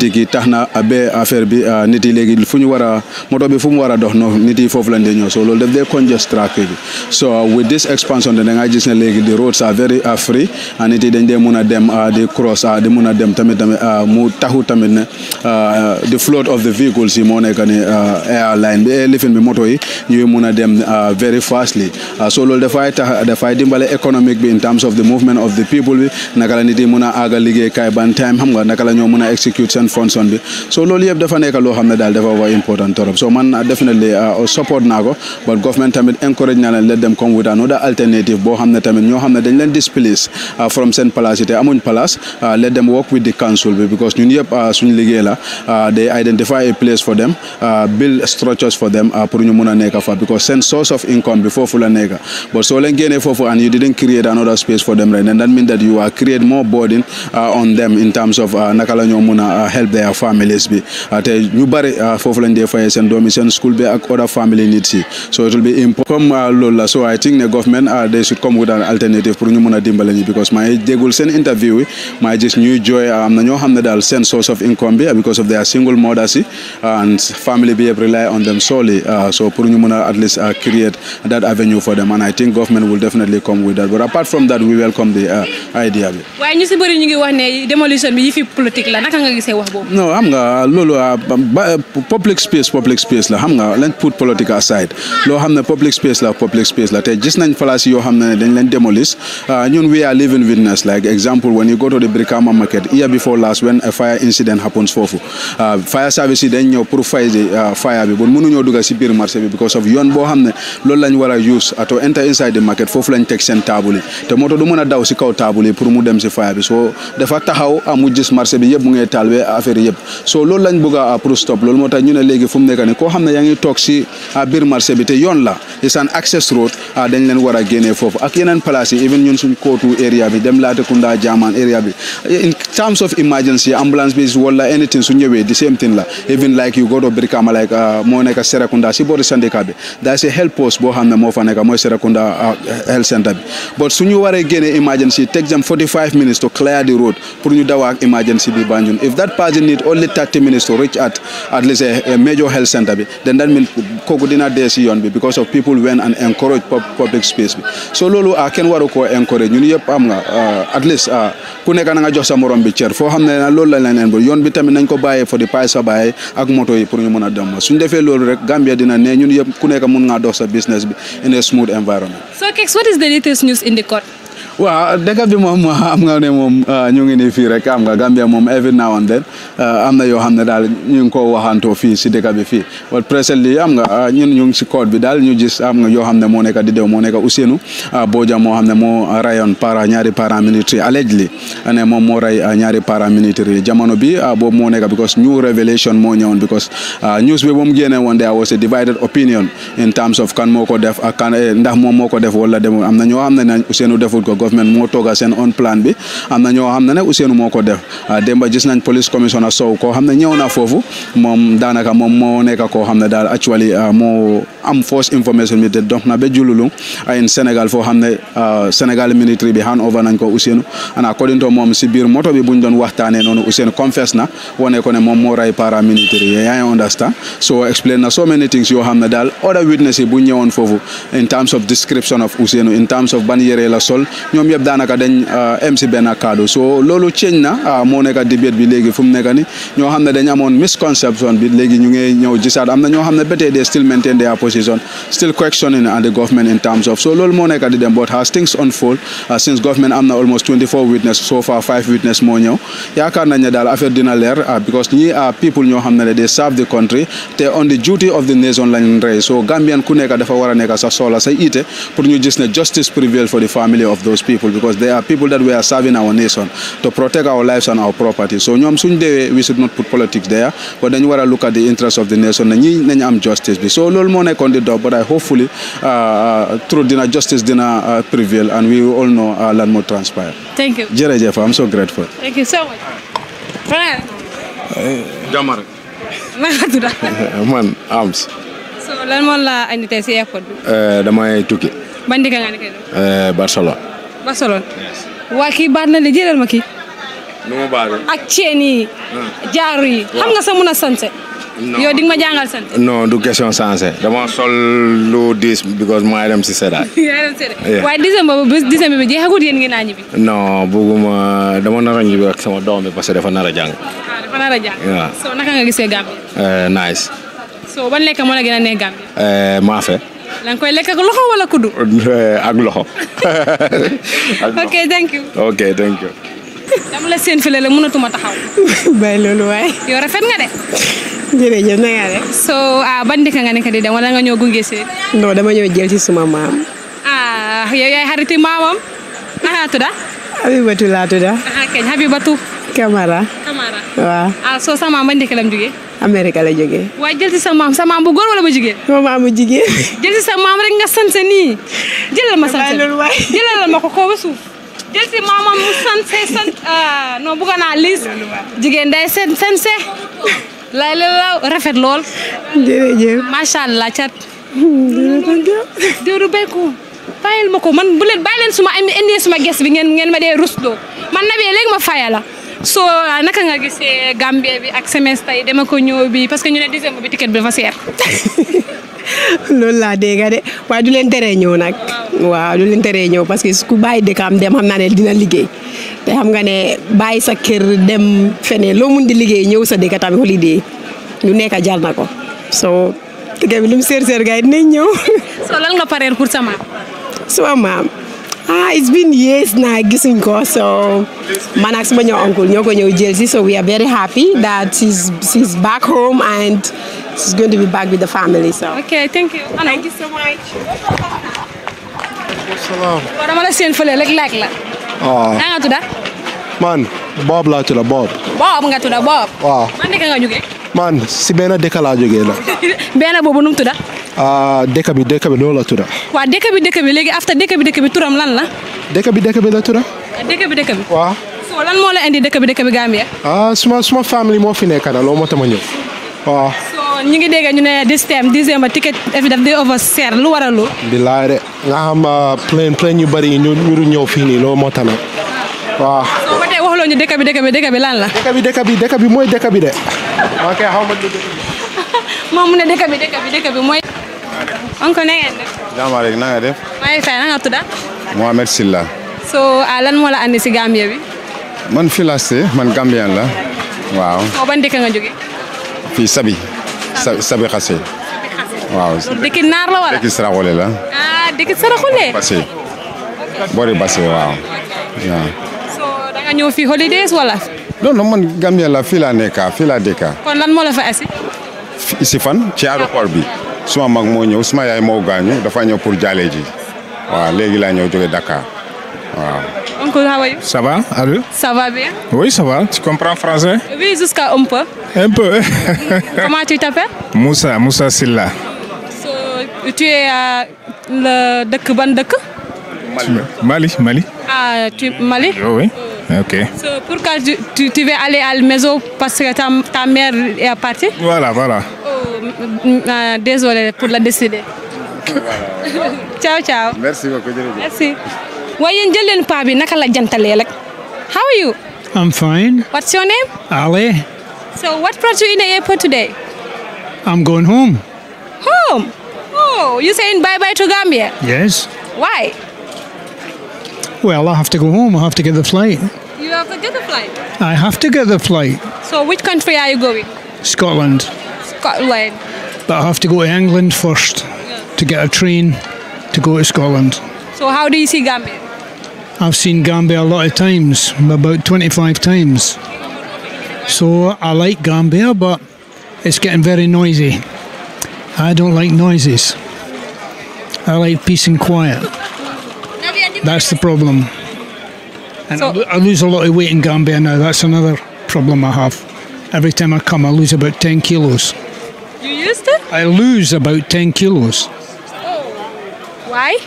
yi tax na ba affaire bi nit yi léegi fu ñu war a moto bi fu mu war a dox noonu nit yi foofu lañ dee ñëw so loolu daf dee congest trafic bi so with this expansion da nga gis ne léegi the roads are very free nit yi dañ dee mun a dem di cross di mun a dem tamit tamit mu taxu tamit ne the float of the vehicles yi moo nekk airline bi Uh, very fastly uh, so loolu the fighting, the fighting, économique economic, in terms of the movement of the people bi naka muna aga lige mën ban time xam nga naka la ñoo mën execute bi so loolu yep dafa nekk loo xam ne important torop so man uh, definitely support naa but government tamit encourage na and let them come with another alternative boo xam ne tamit ñoo xam ne place from sen Palace, yi te amuñ Palace, let them work with the council bi because ñun yëpp suñ liggéey la they identify a place for them build structures for them pour ñu mën a fa because seen source source of income before Fulanega. But so Lengene Fofo and you didn't create another space for them, right? And that means that you are create more burden uh, on them in terms of uh, Nakala Nyomuna Muna uh, help their families be. At a new bari uh, Fofo Lengene Fires and Domitian School be other family needs. So it will be important. Uh, so I think the government uh, they should come with an alternative for ñu mën ñi because my they will send interview eh? My just new joy jooy am na ñoo source of income be because of their single mothercy and family be rely on them solely so pour ñu mën at least create that avenue for them and I think government will definitely come with that but apart from that we welcome the uh, idea bi. waaye ñu si bëri ñu ngi wax ne démolition yi fi politique la naka nga gisee wax boobu. non xam nga loolu uh, uh, public space public space la xam nga lañ put politique aside loo xam ne public space la te gis nañ place yoo xam ne dañ demolish ñun we are living witness like example when you go to the Brikama market year before last when a fire incident loolu lañ war a use ato enter inside the market foofu lañ teg seen taabul yi te moto du mën a daw si kaw taabul yi mu dem si faya bi soo dafa taxaw amu ah, gis marché bi yëpp mu ngay taal bee affaire yëpp soo lool lañ bëgg a ah, pour stop loolu moo tax ñu ne léegi fu mu nekk nii koo xam ne yaa ngi toog si ah, biir marché bi te yoon la it's an access road ah dañ leen war a génnee foofu ak yeneen place yi even ñun suñ kootu area bi dem Latrikunda Jaman area bi terms of emergency ambulance bi wala anything su the same thing la even like you go to Brikama like uh, moo Serakunda, si boori syndicat bi a help post boo xam ne moo health center but su again waree génne emergency take them 45 minutes to clear the road pour you dawaa emergency Be Banjul if that person need only 30 minutes to reach at at least a major health center then that means kooku dina si because of people went and encourage public space so Lolo, I uh, can waru koo encourage You uh, at least ku nekk na nga sa morom borom bi cër foo xam ne nag loolu la neen bu yoon bi tamit nañ ko bàyyee fo di paay sa baay ak moto pour ñu mën a dem suñ defee loolu rek Gambia dina ne ñun ku nekk mun ngaa dox sa business bi in a smooth environment. So Kex, what is the latest news in the court? waaw dëkk bi moom am nga ne moom ah, ñu ngi nii fii rek am nga Gambia moom every now and then ah, am na yoo xam ne daal ñu ngi ko waxantoo fii si dëkk bi fii but presently am nga ah, ñun ñu ngi si code bi daal ñu gis am nga yoo xam ne moo nekka di dew moo nekk Ousseynou Bojang moo xam ne moo rayoon para ñaari paramilitaire allegedly ne moom moo ray ñaari paramilitaire yi jamono bi boobu moo nekk because new moo ñëwoon because news bi ba mu génne woon de was a divided opinion in terms of kan moo ko def ak kan eh, ndax moom moo ko def wala demul am na ñoo xam ne Ousseynou deful ko of moo tooga seen on plan bi am na ñoo xam ne ne Ousseynou moo ko def ah, démba gis nañ police commissioner Sow koo xam ne ñëw na foofu moom daanaka moom moo nekk koo xam ne daal actually ah, mo am fausse information bi te na ba jululu ayin Sénégal foo xam ne ah, Sénégal military bi hand over nañ ko Ousseynou ana according to moom si biir moto bi buñ doon waxtaanee noonu Ousseynou confess na wane ko ne moom moo ray understand so explain na so many things yoo xam ne daal other witness yi bu ñëwoon foofu in terms of description of Ousseynou la sol ñoom yëpp euh, so loolu change na euh, moo nekk bi léegi fu mu nekk ni ñoo xam misconception bi léegi ñu ngi ñëw gisaat am na ñoo xam ne ba de still position still questioning and uh, almost witness so far five witness moo ñëw yaakaar nañ ne daal affaire dina leer uh, because ñi uh, people ñoo xam ne they serve the country te on the duty of the nation lañ rey so Gambian ku nekk dafa war a sa soxla sa ite pour ñu gis justice prevail those people because they are people that we are serving our nation to protect our lives and our property. So ñoom we should not put politics there but then you want to look at the interests of the nation And ñi nañ justice bi so little money on the door, but I hopefully uh, uh, through dina justice dina uh, prevail and we all know lan more transpire. Thank you. Jere jërëjëf I'm so grateful. Thank you so much. Jamara. man Arms. so lan moo la andi tey si airport bi. Eh, damay tukki. ban dëkk nga nekk. Eh, Barcelona. Barcelone. waa kii baat na de jëlal ma kii. nu mu baatee. ak ceen yi. Ah. jaaru yi xam nga sa a sanse. yow di nga ma jàngal du question sensé dama sol lu diis because maa dem si seddaay. yaa dem ba décembre bi jeexagut yéen ngeen naa ñibbi. non bëgguma dama nar ñibbi sama doom bi parce que dafa nar a ah, naka nga gisee Gambie. Eh, nice. so ban lekk moo la gën a neex Gambie. Eh, maafe. la nga koy lekk ak loxo wala kuddu. Eh, ak loxo. ok thank you. dama la seen file la mënatuma taxaw. bàyyi loolu waay. yow rafet nga de. jërëjëf na nga def. soo ah ban dëkk nga nekk di dem wala nga ñëw gunge dama ñëw jël ci suma maam. ah yow yaay xariti maamam. ana tudda Habibatu batu tudd. ah keñ batu? Kamara. Kamara. waaw. ah soo sa maam bañ dëkk lam jógee. Amérique la jógee. wa jël si sa maam sa maam bu gor wala bu jigéen. sama maam bu jigéen. jël si sa maam rek nga sante ni jëlal ma sanse jëlal ma ko koo ba suuf. jël si maamam mu sanse san non bëgg naa liis jigéen day sen sanse la la rafet lool. jërëjëf macha machallah chat hmm, jërëjëf. diwru béyku fayal mako man bu len balen suma indi indi suma ges bi ngeen ngeen ma de rusdo man nabe leg ma fayala so ah, naka nga gisse Gambie bi ak semestre yi demako ko bi parce que ñu ne décembre bi ticket bi dafa seer loolu laa dégg de wa du len téré ñëw nak wa du len téré ñëw parce que ku de kam dem xam naa ne dina liggéey te xam nga ne baye sa kër dem fene lo mun di liggéey ñëw sa dëkk tamit holiday lu nekk jar nako so ticket bi lim ser ser gay gars ñew so lan nga parer pour sama ma maam ah it's been years na gisuñ ko so man ak suma ñëw uncle ñoo ko ñëw jël si so we are very happy that she's back home and she's going to be back with the family so. ok thank you. thank you so much. salaam. la seen ah. Bob Bob. nga tudda Bob. si benn dëkk laa jógee la. benn boobu dëkk bi dëkk bi loolu la tudd. waaw dëkk bi dëkk bi léegi after dëkk bi dëkk bi turam lan la. dëkk bi dëkk bi la tudd. dëkk bi dëkk bi. waaw. so lan moo la indi dëkk bi dëkk bi Gambia. ah suma suma family moo fi nekk lo loolu moo tax ma so waaw. ñu ngi dégg ñu ne this time dixième ticket fi daf day over seer lu waral lu. bilaay de nga xam plein plein yu bari ñu ñu ñëw fii nii loolu moo tax nag waaw. soo ko tey ñu dëkk bi dëkk bi dëkk bi lan la. dëkk bi dëkk bi dëkk bi mooy dëkk bi de. ok how much dëkk bi. moom mu ne dëkk bi dëkk bi dëkk bi mooy. oncle na nga def. maa ngi fay na nga tudd. Mohamed Silla. so lan moo la andi si Gambia bi. man fii laa man Gambien la waaw. soo ban dëkk nga jógee. Sabi. Sabi Xase. waaw. dëkk naar la wala. dëkk Saraxole la. ah dëkk Saraxole. Basse. Bori waaw. waaw. so da nga holidays wala. non man Gambien la fii laa nekk fii laa dëkk. kon lan moo la fa asi. si fan. ci aéroport bi. suma yaay pour ji waaw Dakar waaw. Ça va, allô? Ça va bien? Oui, ça va. Tu comprends français? Oui, jusqu'à un peu. Un peu. Comment tu t'appelles? Moussa, Moussa Silla. So, tu es à le dëkk ban Mali. Mali, Ah, tu es Mali? oui. Euh, ok. So, pourquoi tu, tu veux aller à la maison parce que ta, ta mère est partie? Voilà, voilà. Mm, ah, désolé pour la décider. ciao ciao. merci beaucoup merci. waaye yéen jël leen paa bi how are you. I'm fine. What's your name? Ali. So what brought you in the airport today? I'm going home. Home? Oh, you're saying bye-bye to Gambia? Yes. Why? Well, I have to go home. I have to get the flight. You have to get the flight? I have to get the flight. So which country are you going? Scotland. Scotland. But I have to go to England first to get a train to go to Scotland. So how do you see Gambia? I've seen Gambia a lot of times, about 25 times. So I like Gambia, but it's getting very noisy. I don't like noises. I like peace and quiet. That's the problem. And so, I lose a lot of weight in Gambia now. That's another problem I have. Every time I come, I lose about 10 kilos. You used it? I lose about 10 kilos. Oh. Why?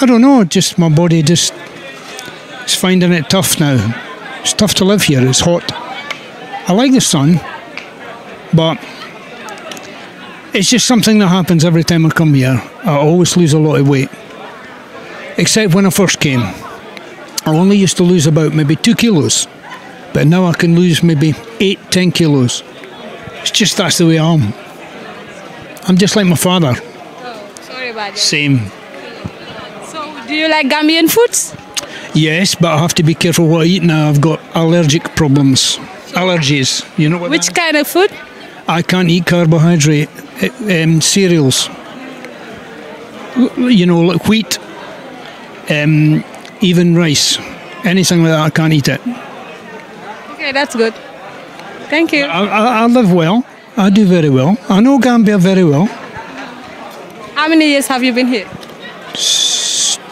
I don't know, just my body just is finding it tough now. It's tough to live here, it's hot. I like the sun, but it's just something that happens every time I come here. I always lose a lot of weight, except when I first came. I only used to lose about maybe two kilos, but now I can lose maybe eight, ten kilos. It's just that's the way I am. I'm just like my father. Oh, sorry about that. Same. So, do you like Gambian foods? Yes, but I have to be careful what I eat now. I've got allergic problems, allergies. You know what? Which kind of food? I can't eat carbohydrate, eh, um, cereals. You know, like wheat, um, even rice, anything like that. I can't eat it. Okay, that's good. Thank you. I, I, I live well. I do very well. I know Gambia very well. How many years have you been here?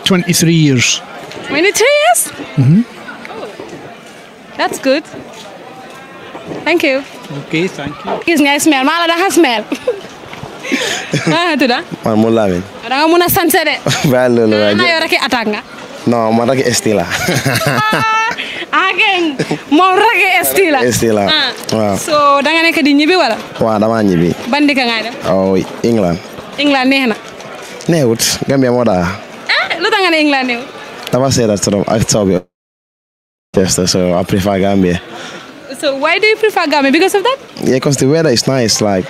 23 years. 23 years? Mm -hmm. Oh, that's good. Thank you. Okay, thank you. Gis ngay smell, mala da smell. Ah, tuda? Man mo lamin. Ah, da nga muna sanse de. Ba lolu la. I'm rek attaque nga. Non, man rek estila. Ah ageng moom rek esti la esti la ah. waaw so da nga nekk di ñibbi wala waaw dama ñibbi ban dëkk nga dem oh England England neex na neewut Gambia moo daa ah, lu tax nga ne England neewut dafa seeda trop ak taw Just so I prefer Gambia so why do you prefer Gambia because of that yeah because the weather is nice like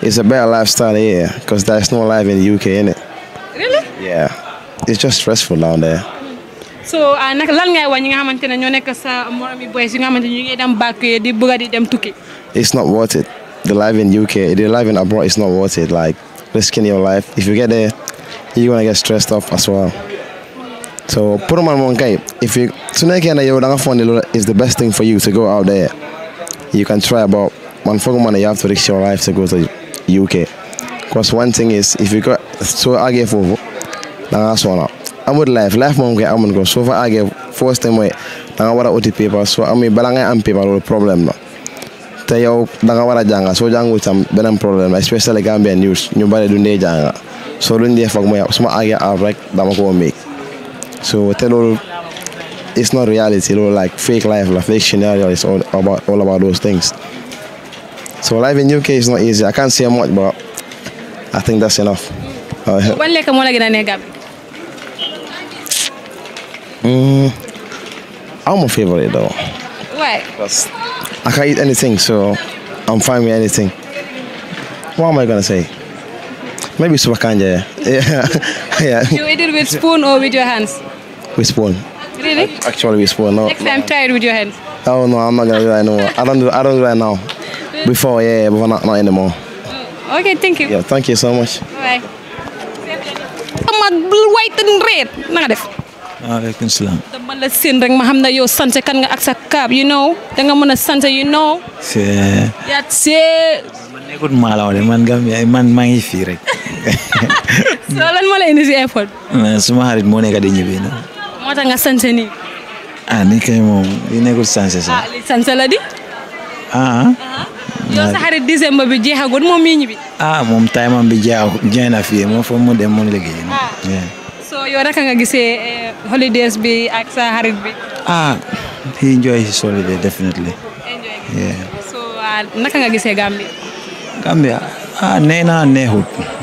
it's a better lifestyle here because there's no life in the UK in it really yeah it's just stressful down there so I ah, lan ngay wax ñi nga xamante ne ñoo sa boys nga xamante ñu ngi dem back di bëgg di dem tukki. it's not worth it the life in UK the life in abroad is not worth it like risking your life if you get there you're gonna get stressed off as well. So put them on one guy. If you Suneke and Yoda phone is the best thing for you to go out there. You can try about one for money you have to risk your life to go to UK. Because one thing is if you got so I gave over, that's one out. amul life life moom koy amun ko soo fa àggee fooste mooy da nga war a uti paper soo amee bala ngay am paper loolu problème la te yow da nga war a jànga soo jàngul tam beneen problème la especially Gambian news ñu bare du ndee jànga soo luñ dee foog mooy suma àggee aaf rek dama ko méeg so te loolu it's not reality like fake life la fake scenario is all about all about those things so life in UK is not easy I can't say much but I think that's enough. Uh, Mm, I'm a favorite though. What? Because I can eat anything, so I'm fine with anything. What am I gonna say? Maybe subakanja. Yeah, yeah. You eat it with spoon or with your hands? With spoon. Really? Actually, with spoon. No. Next time, try it with your hands. Oh no, I'm not gonna do that anymore. I don't do. I don't do that now. Before, yeah, but not not anymore. Oh, okay, thank you. Yeah, thank you so much. Bye. I'm white and red. Nanga alaikum salam dama la seen rek ma xam ne yow sant kan nga ak sa kaab you know da nga mën a you know yaa see man nekkut maalaw de man gam ya, man maa ngi fii rek so lan moo la indi si airport nah, suma xarit moo nekk di ñibbi na moo tax nga sant nii ah ni kay moom li nekkul sanse sax li ah, sanse la di ah, ah. yow nah. sa xarit décembre bi jeexagul moom mii ñibbi ah moom time am bi jeex jeex na fii moom foofu mu dem mu liggéey yow naka nga gisee eh, holidays bi ak sa xarit bi. ah he enjoy his holiday definitely. enjoy yeah. so ah, naka nga gisee Gambia. Gambia ah nee naa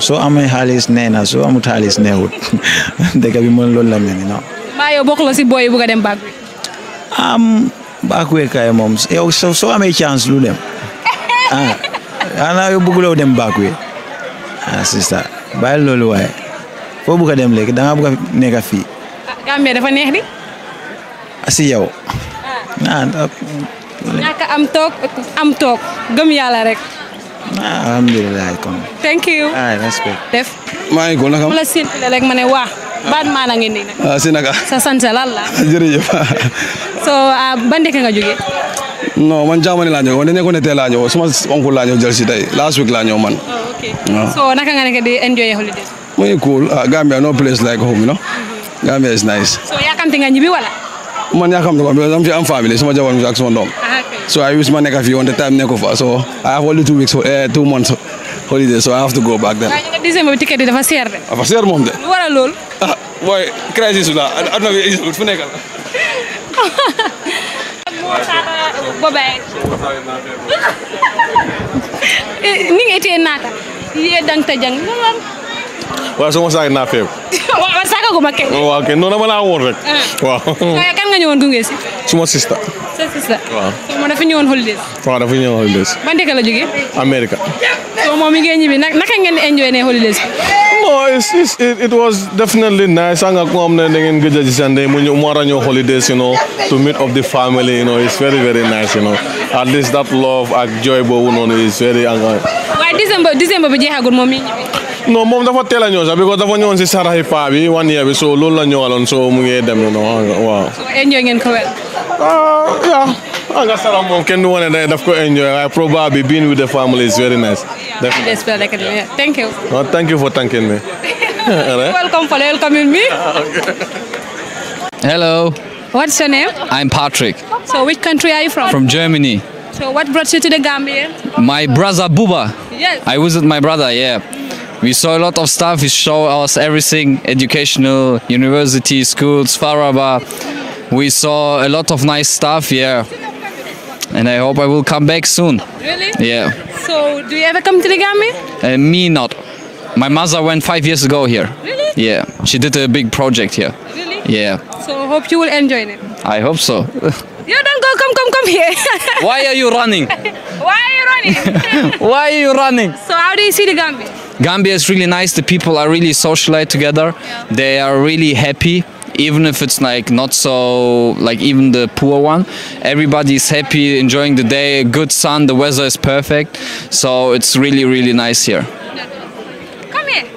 soo amee xaalis nee na soo amut xaalis neexut dëkk bi moom loolu mel ni non. maa yow bokk la si booy bu dem baak. am baak wee moom yow soo amee chance lu dem ah ana yow dem baak wee ah, sista bàyyi loolu fo buka ko dem léegi da nga bu ko nega fi gambe Gambia dafa neex di. si yow. ah nah, ñàkk am tok am tok gem yalla rek. Nah, alhamdullilah kon. thank you. ah respect. def. may ko nakam la simple rek mané wa ban ma na ngi ni nak ah si naka. sa sante la. so ah, ban dëkk nga jógee. non man jamani la ñëw man ko nekkoon ne tey laa ñëw suma onku la jël si tey last week la ñëw man. Oh, oke. Ah. so naka nga nekk di enjoy holiday. Muy cool. Uh, Gambia, no place like home, you know. Gambia is nice. So yaakamti nga ñibbi wala? Man yaakamti ko am family sama jabar ak sama doom. Ah, ma nekk fi on the time nekk fa. So I have only eh, to go back then. Waaye bi ticket de. Dafa seer moom de. Lu waral loolu? Ah, mooy la. fu nekkal. Bobay. Eh, ni nga été naata. Yé dang jang. waaye su ma saagee naa feew. waaw man saagagu ma kenn. waaw kenn non dama laa woon rek. Ah. waaw. kan nga ñëwoon gunge suma sista. sa sista. moo soo moom dafa ñëwoon holidays. waaw la jógee. Amérique. soo moom mi ngi ñibbi naka ngeen enjoy ne holidays. it was definitely nice nga ko xam ne da ngeen gëj a gisante mu ñëw a ñëw holidays you know to meet up the family you know it's very very ak joy boobu noonu is uh, uh, bi jeexagul moom mi ñibbi. mom, moom dafa tell a Because sax bi ko dafa ñëwoon si saraxi paa bi wan yee bi so loolu la ñëwaloon so mu ngee dem noonu waaw. so enjoy ngeen ko wel. ah ah nga sarax moom kenn du wane day daf ko enjoy I probably being with the family is very nice. definitely thank you. no thank you for thanking me. welcome for welcoming me. Ah, Hello. What's your name? I'm Patrick. So which country are you from? From Germany. So what brought you to the Gambia? My brother Buba. Yes. I visit my brother, yeah. We saw a lot of stuff. He showed us everything, educational, university, schools, Faraba. We saw a lot of nice stuff, yeah. And I hope I will come back soon. Really? Yeah. So, do you ever come to the Gambia? Uh, me not. My mother went five years ago here. Really? Yeah. She did a big project here. Really? Yeah. So, hope you will enjoy it. I hope so. you don't go, come, come, come here. Why are you running? Why are you running? Why are you running? So, how do you see the Gambia? Gambia is really nice. The people are really socialized together. Yeah. They are really happy, even if it's like not so like even the poor one. Everybody is happy, enjoying the day. Good sun. The weather is perfect. So it's really really nice here. Come here.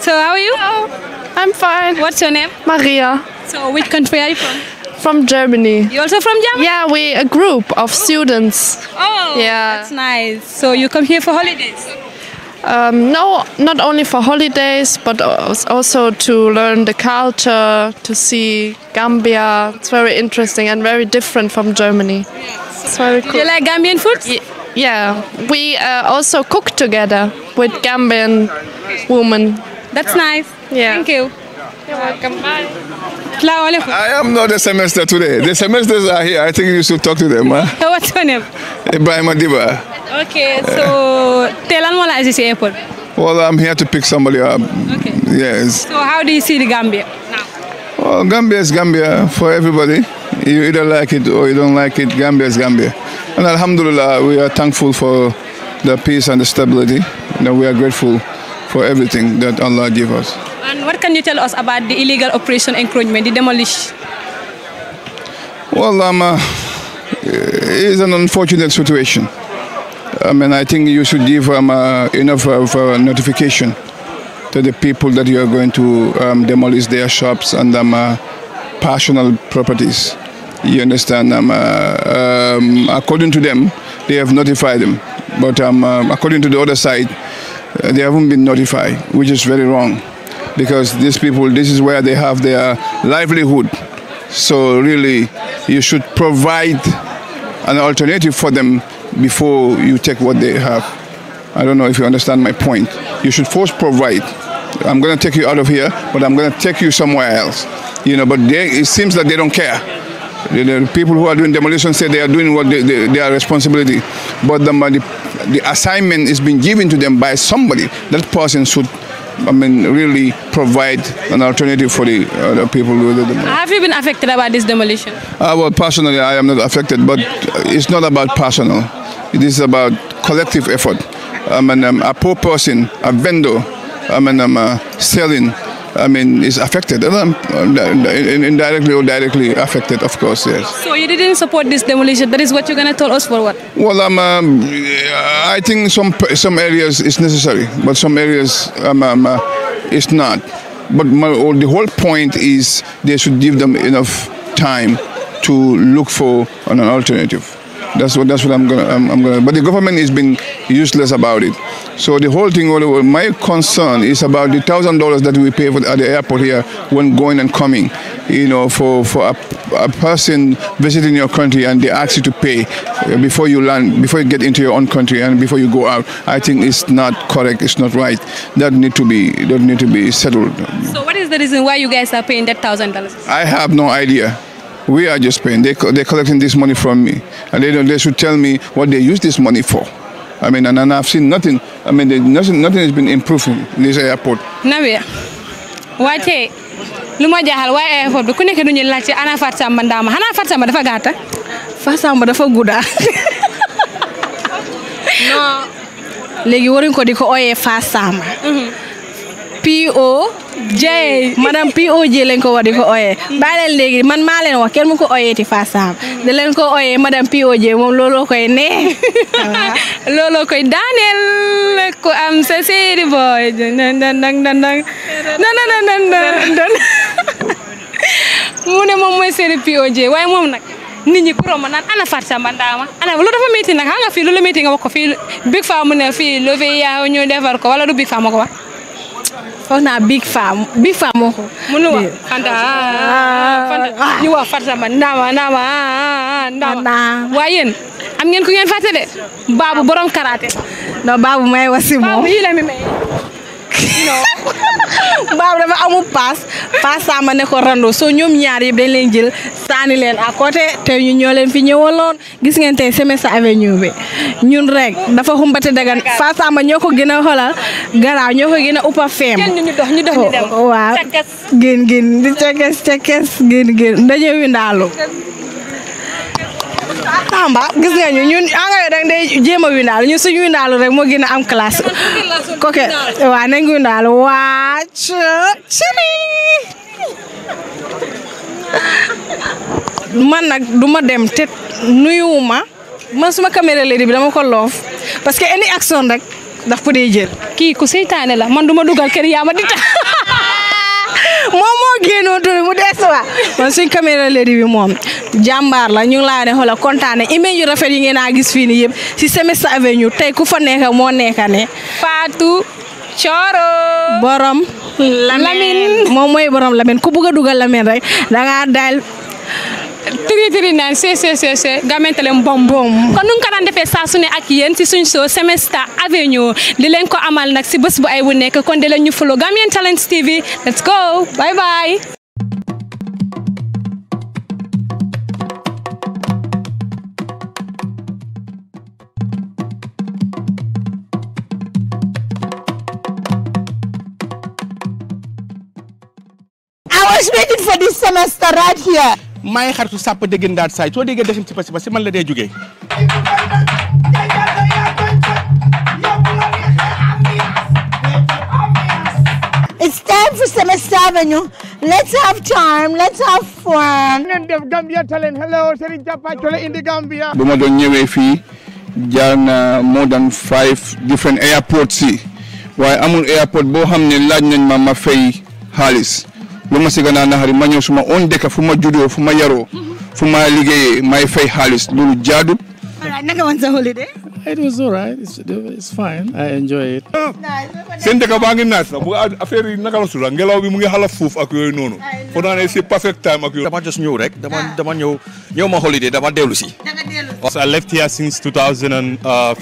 So how are you? Hello. I'm fine. What's your name? Maria. So which country are you from? From Germany. You also from Germany? Yeah, we a group of students. Oh, yeah. That's nice. So you come here for holidays? Um, no, not only for holidays, but also to learn the culture, to see Gambia. It's very interesting and very different from Germany. it's very cool. Do you like Gambian food? Yeah, we uh, also cook together with Gambian women. That's nice. Yeah. Thank you. You're welcome. Bye. I am not the semester today. The semesters are here. I think you should talk to them. Huh? What's your name? Ibrahim Adiba. Okay, so tell us what is airport? Well, I'm here to pick somebody up. Okay. Yes. So how do you see the Gambia now? Well, Gambia is Gambia for everybody. You either like it or you don't like it. Gambia is Gambia. And Alhamdulillah, we are thankful for the peace and the stability. And we are grateful for everything that Allah gave us. And what can you tell us about the illegal operation encroachment, the demolition? Well, um, uh, it's an unfortunate situation. I mean, I think you should give um, uh, enough of uh, notification to the people that you are going to um, demolish their shops and um, uh, personal properties. You understand? Um, uh, um according to them, they have notified them. But um, uh, according to the other side, uh, they haven't been notified, which is very wrong because these people, this is where they have their livelihood. So really, you should provide an alternative for them before you take what they have. I don't know if you understand my point. You should first provide. I'm going to take you out of here, but I'm going to take you somewhere else. You know, but they, it seems that they don't care. The, people who are doing demolition say they are doing what they, they, their responsibility, but the, the assignment is being given to them by somebody. That person should I mean, really provide an alternative for the, uh, the people. Have you been affected about this demolition? Uh, well, personally, I am not affected, but it's not about personal. It is about collective effort. I mean, um, a poor person, a vendor, I mean, um, uh, selling I mean, is affected. Uh, um, indirectly or directly affected, of course, yes. So you didn't support this demolition. That is what you're going to tell us for what? Well, um, um, I think some some areas is necessary, but some areas um, um, uh, it's not. But my, the whole point is they should give them enough time to look for an alternative. That's what that's what I'm gonna I'm, I'm, gonna. But the government has been useless about it. So the whole thing. My concern is about the thousand dollars that we pay for, at the airport here when going and coming. You know, for for a, a person visiting your country and they ask you to pay uh, before you land, before you get into your own country and before you go out. I think it's not correct. It's not right. That need to be that need to be settled. So what is the reason why you guys are paying that thousand dollars? I have no idea. We are just paying. They, they're collecting this money from me. And they, they should tell me what they use this money for. I mean, and, and I've seen nothing. I mean, nothing, nothing has been improving in this airport. Nabia, what lu ma jaaxal waa airport bi ku nekk du ñu laajte ana Fat Samba Ndaama xanaa Fat Samba dafa gàtta Fat Samba dafa gudda non léegi waruñ ko di ko ooyee Fat POJ madame POJ lañ ko war di ko oyee bàyyi leen léegi man maa leen wax kenn mu ko oyeeti Fassam da leen ko oyee madame POJ moom looloo koy nee looloo koy daaneel ko am sa séeri booy nan nan mu ne moom mooy séeri POJ waaye moom nag ni ñi ku romb naan ana Fatou Samba Ndaama ana lu dafa métti nag xam ko fii Big Faa mu ne fii loo fi yaa ñoo defar ko wala du Big Faa ma ko foog naa big femme big femme moo ko. mënu ah, ah, ah. wa Fanta ñu wax Fanta man ndaama ndaama ndaama. waaye am ngeen ku ngeen fàtte de. Baabu borom karaate. non Baabu may wasi moom Baabu non baabu dafa amul paas paas sama ne ko soo ñoom ñaar yëpp dañ leen jël saani leen a côté te ñu ñoo leen fi ñëwaloon gis ngeen tey Semester Avenue bi ñun rek dafa xumbate dagan fa sama ñoo ko gën a xoolal ñoo ko gën a uppa feem ñu dox ñu dox waaw gën gën di cekes cekes gën gën ndaje wi ndaalu Tamba gis nga ñu ñun engrais dang day jéem a windaal ñun suñu windaalu rek am classe koke waa nañ windaal wàcc ciri man nak, duma dem te nuyuwuma man suma caméra lady bi dama ko loof parce que any action rek daf ko day jël kii ku seytaane la man duma dugal kër di tax moom moo génnoon tuuti mu des wa man suñ caméra léegi bi moom jàmbaar la ñu ngi kontaane image yu rafet yi ngeen a gis fii ni yëpp si Semester Avenue tey ku fa nekk moo nekk ne. Fatou Thioro. Borom. Lamine moom mooy Borom Lamine ku bugg a dugal Lamine rek da tiritiri naan ccc gamentale bombom kon nu ngi ko daan defee saa su ne ak yéen si suñ show Semester Avenue di ko amal nag si bus bu ay wu nekk kon di leen ñu follow Gamien Talents TV let's go bye bye I was waiting for this semester right here. maa ngi xaritu sàpp déggin daat saay soo déggee dexin si pasi pasi man la dee jógee It's time for Semester Avenue. Let's have time. Let's have fun. ngeen ma doon ñëwee fii jaar na more than five different airports yi waaye amul airport boo xam ne laaj nañ ma ma fay xaalis. lu ma si gën a ma ñëw suma own dëkk fu ma juddoo fu ma yaroo fu ma may fay xaalis loolu jaadut. alright naka woon sa holiday. it was alright it's, it's fine I enjoy it. seen dëkk baa ngi bu affaire yi naka la ngelaw bi mu ngi xala fuuf ak yooyu noonu. foog naa ne c'est perfect time ak yooyu. dama just ñëw rek dama ah. dama ñëw ñëw ma holiday dama dellu si. dama dellu si. I left here since uh, uh-huh.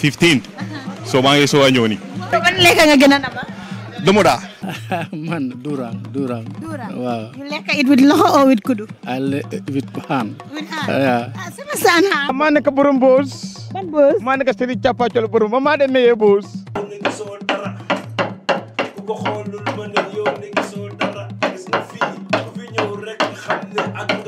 so maa ngi a ñëw nii. Dumoda. Man, Durang, Durang. Durang. Wow. You like it with loho or with kudu? I like it with pan. With pan. Ah, yeah. Ah, sama sana. Man, ke burung bus? Man, bus? Man, ke sini capa col burung? Mama ada meye bus. Aku